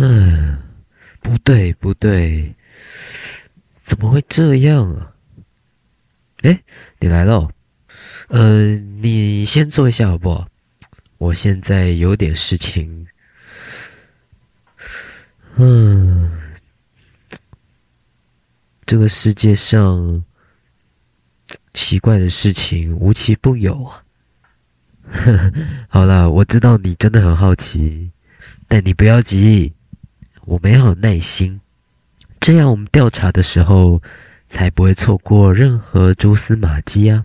嗯，不對不對，怎麼會這樣啊？哎，你來了，呃，你先坐一下好不好？我現在有點事情。嗯，這個世界上奇怪的事情無奇不有啊。呵呵，好了，我知道你真的很好奇，但你不要急。我們要有耐心，這樣我們調查的時候才不會錯過任何蛛絲馬跡啊！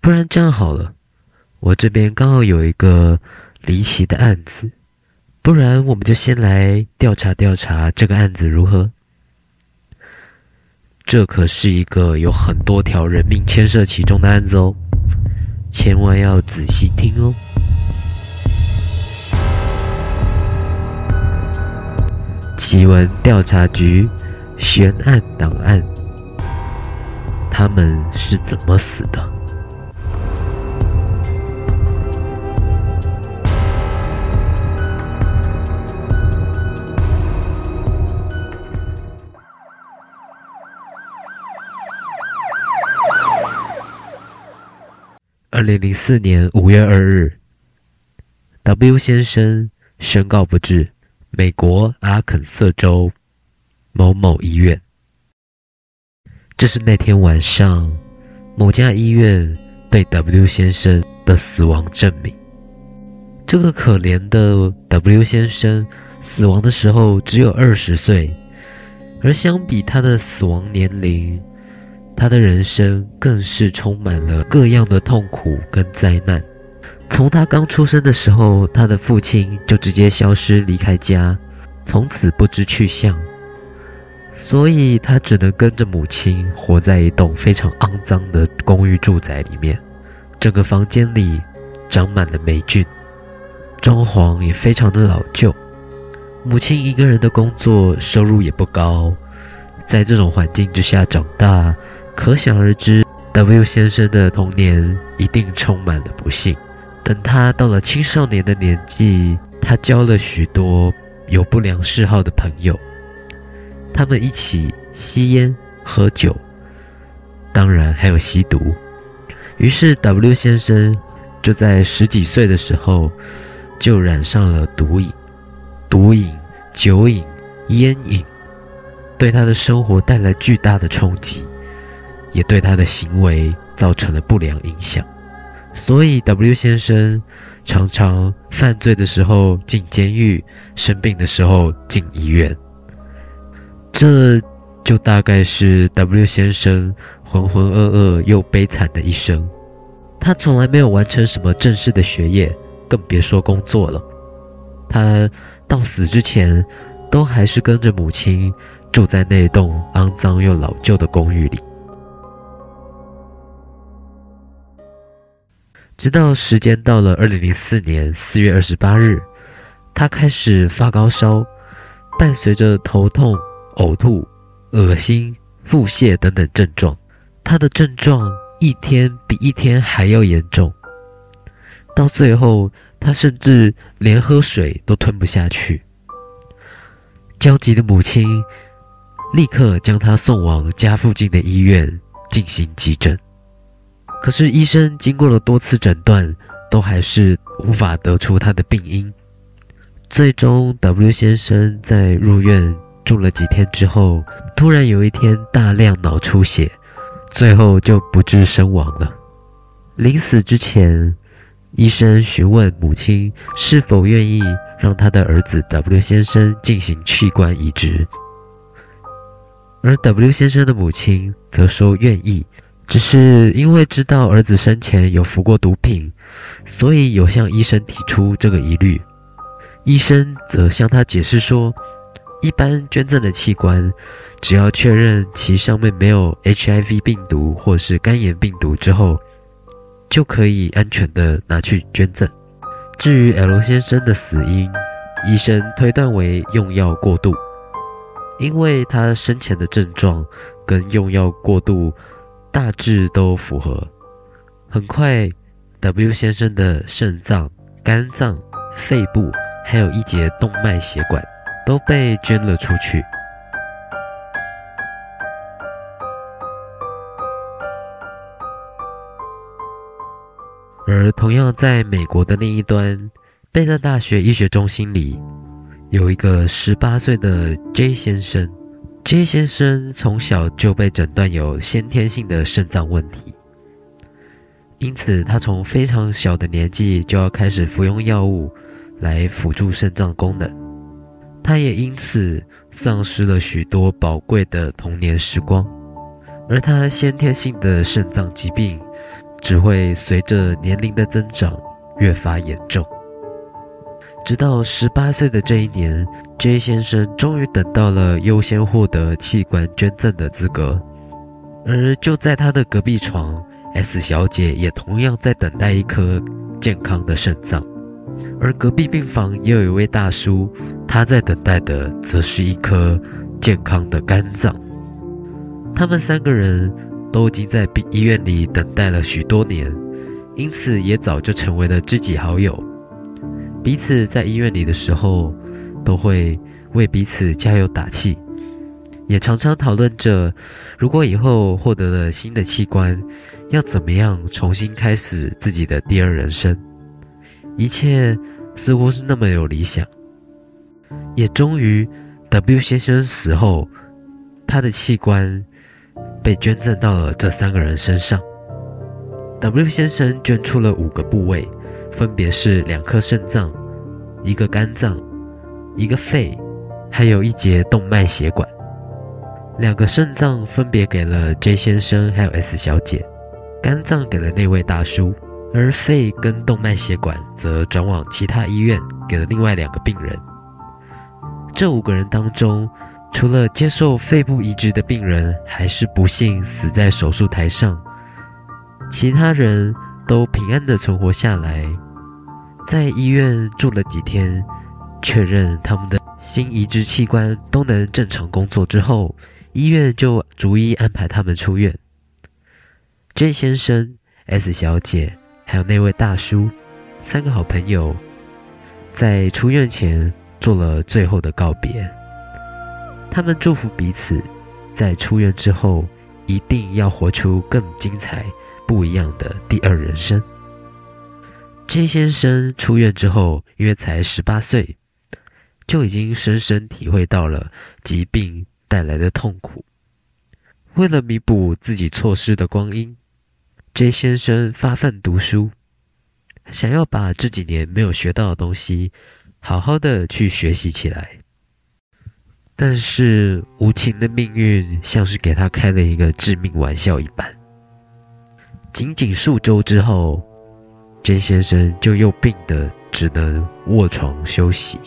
不然這樣好了，我這邊剛好有一個離奇的案子，不然我們就先來調查調查這個案子如何？這可是一個有很多條人命牽涉其中的案子哦，千萬要仔細聽哦！奇聞調查局，懸案檔案。他們是怎麼死的？二零零四年五月二日，W 先生宣告不治。美國阿肯色州某某醫院，這是那天晚上某家醫院對 W 先生的死亡證明。這個可憐的 W 先生死亡的時候只有二十歲，而相比他的死亡年齡，他的人生更是充滿了各樣的痛苦跟災難。從他剛出生的時候，他的父親就直接消失離開家，從此不知去向。所以，他只能跟着母親活在一棟非常骯髒的公寓住宅裡面。整個房間裡長滿了霉菌，裝潢也非常的老舊。母親一個人的工作收入也不高，在這種環境之下長大，可想而知，W 先生的童年一定充滿了不幸。等他到了青少年的年紀，他交了許多有不良嗜好的朋友，他們一起吸煙、喝酒，當然還有吸毒。於是 W 先生就在十幾歲的時候就染上了毒癮、毒癮、酒癮、煙癮，對他的生活帶來巨大的衝擊，也對他的行為造成了不良影響。所以 W 先生常常犯罪的時候進監獄，生病的時候進醫院。這，就大概是 W 先生渾渾噩噩又悲慘的一生。他從來沒有完成什麼正式的學業，更別說工作了。他到死之前都還是跟着母親住在那棟骯髒又老舊的公寓裡。直到時間到了，二零零四年四月二十八日，他開始發高燒，伴隨着頭痛、嘔吐、噁心、腹瀉等等症狀，他的症狀一天比一天還要嚴重，到最後，他甚至連喝水都吞不下去。焦急的母親立刻將他送往家附近的醫院進行急診。可是醫生經過了多次診斷，都還是無法得出他的病因。最終，W 先生在入院住了幾天之後，突然有一天大量腦出血，最後就不治身亡了。臨死之前，醫生詢問母親是否願意讓他的兒子 W 先生進行器官移植。而 W 先生的母親則說願意。只是因為知道兒子生前有服過毒品，所以有向醫生提出這個疑慮。醫生則向他解釋說，一般捐贈的器官，只要確認其上面沒有 HIV 病毒或是肝炎病毒之後，就可以安全地拿去捐贈。至於 L 先生的死因，醫生推斷為用藥過度，因為他生前的症狀跟用藥過度。大致都符合。很快，W 先生的腎臟、肝臟、肺部，還有一節動脈血管，都被捐了出去。而同樣在美國的那一端，貝勒大學醫學中心裡，有一個十八歲的 J 先生，傑先生從小就被診斷有先天性的腎臟問題，因此他從非常小的年紀就要開始服用藥物來輔助腎臟功能。他也因此喪失了許多寶貴的童年時光，而他先天性的腎臟疾病只會隨着年齡的增長越發嚴重。直到十八歲的這一年，J 先生終於等到了優先獲得器官捐贈的資格。而就在他的隔壁床，S 小姐也同樣在等待一顆健康的腎臟。而隔壁病房也有一位大叔，他在等待的則是一顆健康的肝臟。他們三個人都已經在醫院裡等待了許多年，因此也早就成為了知己好友。彼此在醫院裡的時候，都會為彼此加油打氣，也常常討論着，如果以後獲得了新的器官，要怎麼樣重新開始自己的第二人生。一切似乎是那麼有理想，也終於，W 先生死後，他的器官被捐贈到了這三個人身上。W 先生捐出了五個部位。分別是兩顆腎臟、一個肝臟、一個肺，還有一節動脈血管。兩個腎臟分別給了 J 先生還有 S 小姐，肝臟給了那位大叔，而肺跟動脈血管則轉往其他醫院，給了另外兩個病人。這五個人當中，除了接受肺部移植的病人，還是不幸死在手術台上，其他人，都平安的存活下來，在醫院住了幾天，確認他們的新移植器官都能正常工作之後，醫院就逐一安排他們出院。J 先生、S 小姐，還有那位大叔，三個好朋友，在出院前做了最後的告別。他們祝福彼此，在出院之後一定要活出更精彩。不一樣的第二人生。J 先生出院之後，因為才十八歲，就已經深深體會到了疾病帶來的痛苦。為了彌補自己錯失的光陰，J 先生發奮讀書，想要把這幾年沒有學到的東西好好的去學習起來。但是無情的命運，像是給他開了一個致命玩笑一般。僅僅數周之後，甄先生就又病得只能臥床休息，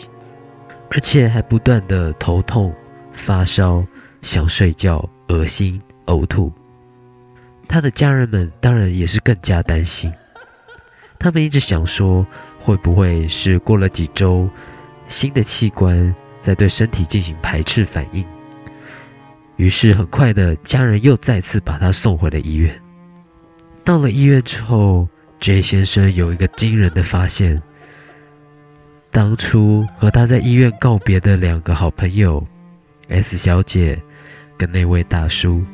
而且還不斷的頭痛、發燒、想睡覺、噁心、嘔吐。他的家人們當然也是更加擔心，他們一直想說會不會是過了幾周，新的器官在對身體進行排斥反應。於是很快的，家人又再次把他送回了醫院。到了醫院之後，J 先生有一個驚人的發現：當初和他在醫院告別的兩個好朋友，S 小姐跟那位大叔，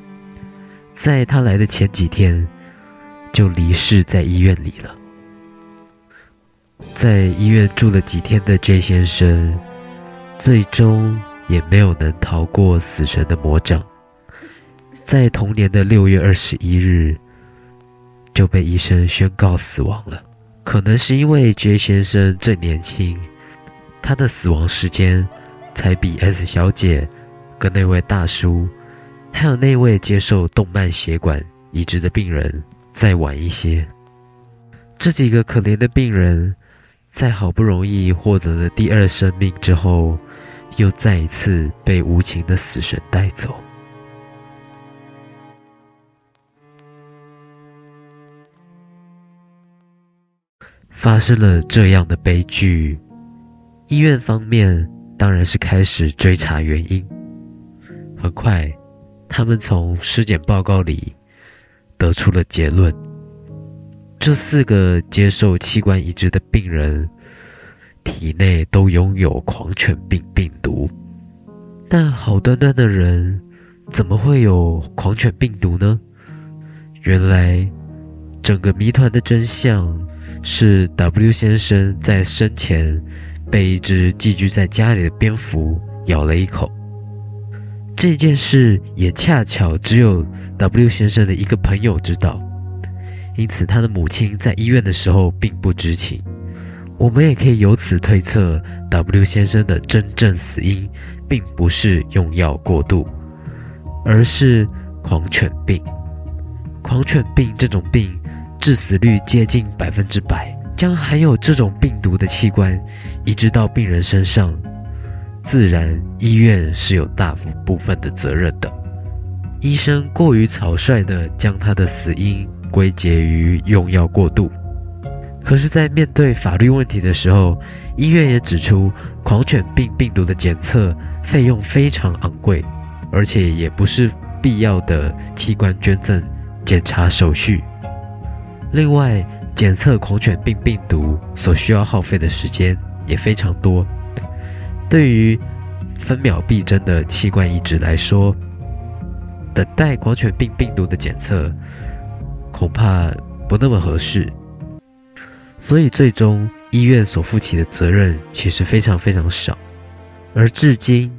在他來的前幾天就離世在醫院裡了。在醫院住了幾天的 J 先生，最終也沒有能逃過死神的魔掌，在同年的六月二十一日。就被醫生宣告死亡了。可能是因為傑先生最年輕，他的死亡時間才比 S 小姐、跟那位大叔，還有那位接受動脈血管移植的病人再晚一些。這幾個可憐的病人，在好不容易獲得了第二生命之後，又再一次被無情的死神帶走。發生了這樣的悲劇，醫院方面當然是開始追查原因。很快，他們從屍檢報告裡得出了結論：這四個接受器官移植的病人體內都擁有狂犬病病毒。但好端端的人怎麼會有狂犬病毒呢？原來，整個謎團的真相。是 W 先生在生前被一隻寄居在家裡的蝙蝠咬了一口。這件事也恰巧只有 W 先生的一個朋友知道，因此他的母親在醫院的時候並不知情。我們也可以由此推測，W 先生的真正死因並不是用藥過度，而是狂犬病。狂犬病這種病。致死率接近百分之百。將含有這種病毒的器官移植到病人身上，自然醫院是有大部分的責任的。醫生過於草率地將他的死因歸結於用藥過度。可是，在面對法律問題的時候，醫院也指出，狂犬病病毒的檢測費用非常昂貴，而且也不是必要的器官捐贈檢查手續。另外，檢測狂犬病病毒所需要耗費的時間也非常多，對於分秒必爭的器官移植來說，等待狂犬病病毒的檢測恐怕不那麼合適。所以最，最終醫院所負起的責任其實非常非常少。而至今，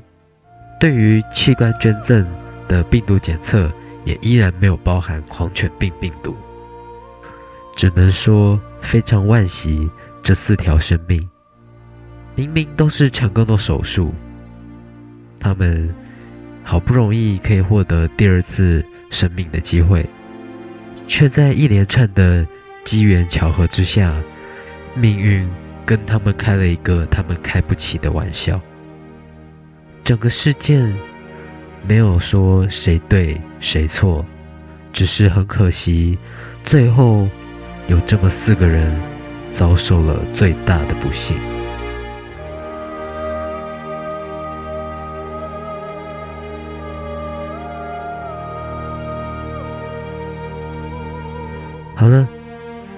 對於器官捐贈的病毒檢測也依然沒有包含狂犬病病毒。只能說非常惋惜，這四條生命明明都是成功的手術，他們好不容易可以獲得第二次生命的機會，卻在一連串的機緣巧合之下，命運跟他們開了一個他們開不起的玩笑。整個事件沒有說誰對誰錯，只是很可惜，最後。有這麼四個人遭受了最大的不幸。好了，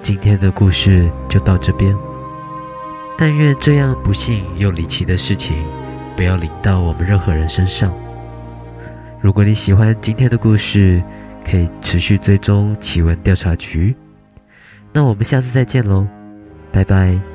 今天的故事就到這邊。但願這樣不幸又離奇的事情不要臨到我們任何人身上。如果你喜歡今天的故事，可以持續追蹤奇聞調查局。那我們下次再見嘍，拜拜。